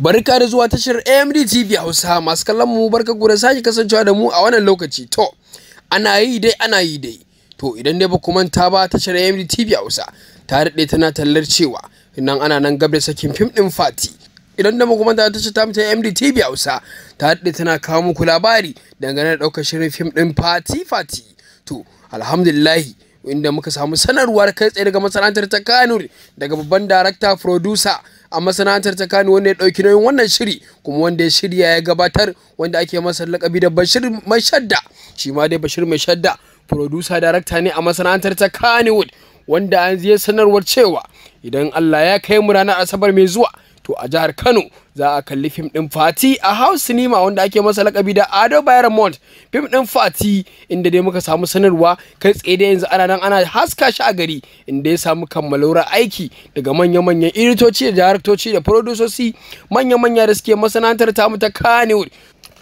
Barka da zuwa tashar AMD TV Hausa masu kallon mu barka ku da sake kasancewa da mu a wannan lokaci. To, ana yi dai ana yi dai. To, idan dai ba ku manta ba tashar AMD TV Hausa ta daɗe tana tallar cewa nan ana nan gab da sakin fim ɗin Fati. Idan da ku manta tashar ta mutane AMD TV Hausa ta daɗe tana kawo muku labari dangane da ɗaukar shirin fim ɗin Fati Fati. To, alhamdulillahi inda muka samu sanarwar kai tsaye daga masana'antar ta kanuri daga babban darakta producer a masana'antar ta kano wanda ya ɗauki nauyin wannan shiri kuma wanda ya shirya ya gabatar wanda ake masa lakabi da bashir mai shadda shi ma dai bashir mai shadda producer darakta ne a masana'antar ta kano wanda an ziyar sanarwar cewa idan allah ya kai mu ranar asabar mai zuwa to a jihar kano za a kalli fim ɗin fati a house cinema wanda ake masa lakabi da ado bayan mont fim ɗin fati inda dai muka samu sanarwa kai tsaye da yanzu ana nan ana haska shi a gari inda ya samu kammalaurar aiki daga manya-manyan iritoci da daraktoci da furodusosi manya-manya da suke masana'antar tamu ta kanewood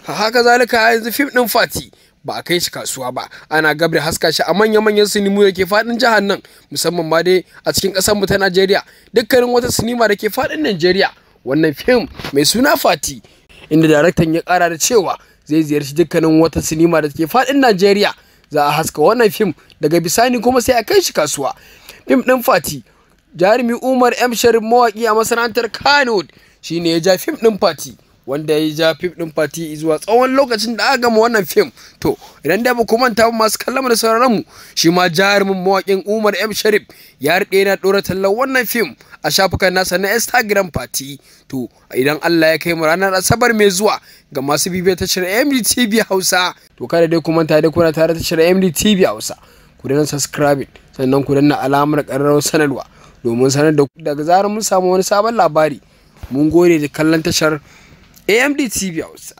haka zalika yanzu fim ɗin fati ba a kai shi kasuwa ba ana gab haska shi a manya-manyan sinimu da ke faɗin jihar nan musamman ma dai a cikin kasar mu ta Najeriya dukkanin wata sinima da ke faɗin Najeriya wannan fim mai suna Fati inda daraktan ya kara da cewa zai ziyarci dukkanin wata sinima da ke faɗin Najeriya za a haska wannan fim daga bisani kuma sai a kai shi kasuwa fim ɗin Fati jarumi Umar M Sharif mawaƙi a masana'antar Kano shine ya ja fim ɗin Fati wanda ya ja fim din fati zuwa tsawon lokacin da aka gama wannan fim to idan dai ba ku manta masu kallama da sauraron mu shi ma jarumin mawakin Umar M Sharif ya rike yana dora tallan wannan fim a shafukan nasa na Instagram fati to idan Allah ya kai mu ranar Asabar mai zuwa ga masu bibiyar tashar MDTV Hausa to kada dai ku manta dai kuna tare da tashar MDTV Hausa ku dinga subscribe sannan ku danna alamar karrar sanarwa domin sanar da daga zarar mun samu wani sabon labari mun gode da kallon tashar AMD CBOs.